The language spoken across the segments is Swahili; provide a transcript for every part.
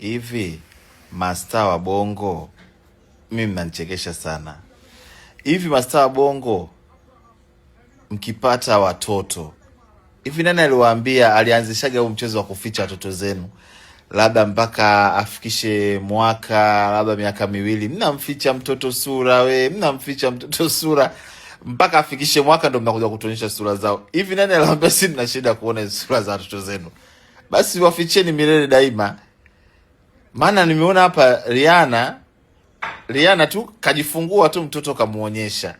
hivi mastaa wa bongo, mimi mnanichekesha sana. Hivi mastaa wa bongo mkipata watoto hivi, nani aliwaambia, alianzishaga huu mchezo wa kuficha watoto zenu, labda mpaka afikishe mwaka labda miaka miwili, mnamficha mtoto sura, we mnamficha mtoto sura mpaka afikishe mwaka ndo mnakuja kutuonyesha sura zao. Hivi nani aliwaambia, si mna shida kuona sura za watoto zenu? Basi wafichieni milele daima. Maana nimeona hapa riana riana tu kajifungua tu mtoto kamuonyesha,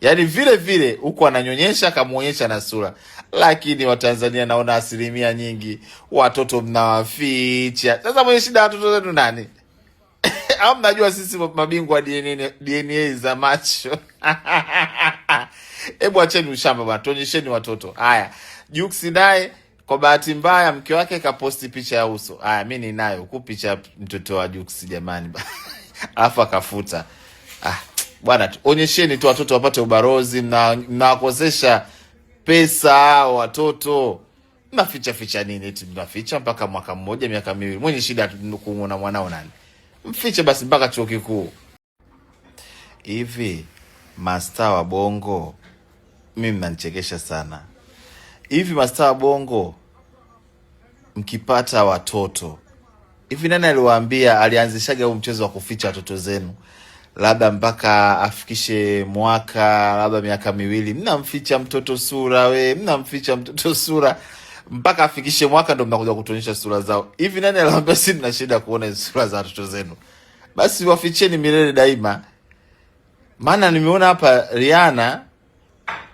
yaani vile vile huku ananyonyesha kamuonyesha na sura. Lakini Watanzania naona asilimia nyingi watoto mnawaficha. Sasa mwenye shida watoto wetu nani? Au mnajua sisi mabingwa DNA, DNA za macho hebu acheni ushamba bwana, tuonyesheni watoto haya. Juksi naye kwa bahati mbaya mke wake kaposti picha ya uso. Aya, mi ninayo huku picha ya mtoto wa Jux jamani, alafu akafuta. Ah, bwana tu onyesheni tu watoto wapate ubarozi, mnawakosesha pesa watoto. Mnaficha ficha nini? ti mnaficha mpaka mwaka mmoja, miaka miwili. Mwenye shida kumwona mwanao nani? Mfiche basi mpaka chuo kikuu. Hivi masta wa Bongo, mi mnanichekesha sana hivi mastaa bongo mkipata watoto hivi, nani aliwaambia, alianzishaga huu mchezo wa kuficha watoto zenu? Labda mpaka afikishe mwaka, labda miaka miwili, mnamficha mtoto sura, we mnamficha mtoto sura mpaka afikishe mwaka ndo mnakuja kutuonyesha sura zao. Hivi nani aliwaambia si mna shida kuona sura za watoto zenu? Basi wafichieni milele daima, maana nimeona hapa riana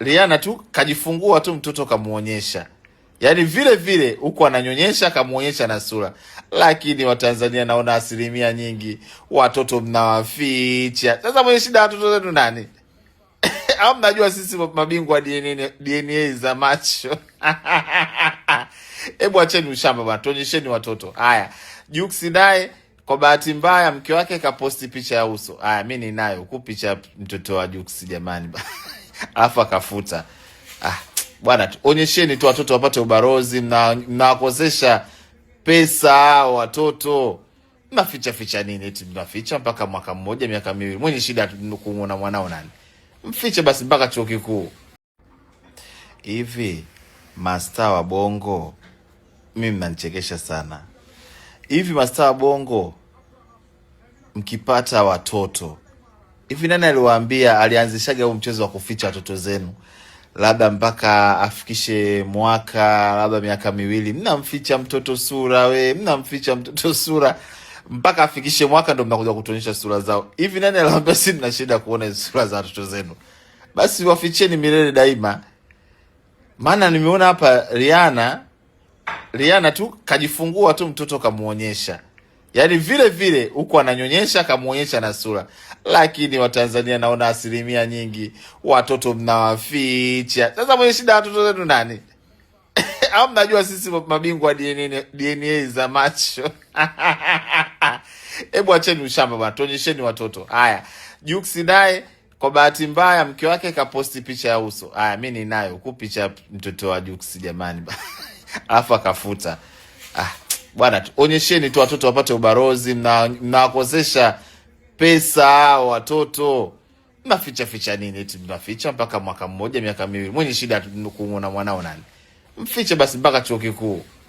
Liana tu kajifungua tu mtoto kamuonyesha, yaani vile vile huko ananyonyesha kamuonyesha na sura. Lakini Watanzania naona asilimia nyingi watoto mnawaficha. Sasa mwenye shida watoto wetu nani? Au mnajua sisi mabingwa wa DNA, DNA za macho hebu acheni ushamba bwana, tuonyesheni watoto haya. Juksi naye kwa bahati mbaya mke wake kaposti picha ya uso. Haya, mi ninayo huku picha mtoto wa Juksi jamani. alafu akafuta. Ah, bwana, onyesheni tu watoto wapate ubarozi. Mnawakosesha mna pesa watoto, mnaficha ficha nini? ti mnaficha mpaka mwaka mmoja, miaka miwili. Mwenye shida kumwona mwanao nani? Mfiche basi mpaka chuo kikuu. Hivi masta wa Bongo, mimi mnanichekesha sana. Hivi mastaa wa Bongo mkipata watoto hivi nani aliwaambia alianzishaga huu mchezo wa kuficha watoto zenu? Labda mpaka afikishe mwaka labda miaka miwili, mnamficha mtoto sura we, mnamficha mtoto sura mpaka afikishe mwaka ndo mnakuja kutuonyesha sura zao. Hivi nani aliwaambia si mna shida kuona sura za watoto zenu? Basi waficheni milele daima. Maana nimeona hapa riana riana tu kajifungua tu mtoto kamuonyesha yaani vile vile huku ananyonyesha akamuonyesha na sura. Lakini Watanzania naona asilimia nyingi watoto mnawaficha. Sasa mwenye shida watoto zetu nani? au mnajua sisi mabingwa DNA, za macho hebu acheni ushamba bwana, tuonyesheni watoto haya. Juksi naye kwa bahati mbaya mke wake kaposti picha ya uso. Haya, mi ninayo ku picha mtoto wa Juksi jamani, alafu akafuta ah bwana, onyesheni tu watoto wapate ubarozi. Mnawakosesha pesa watoto, mnaficha ficha nini? Eti mnaficha mpaka mwaka mmoja, miaka miwili. Mwenye shida kuona mwanao nani? Mfiche basi mpaka chuo kikuu.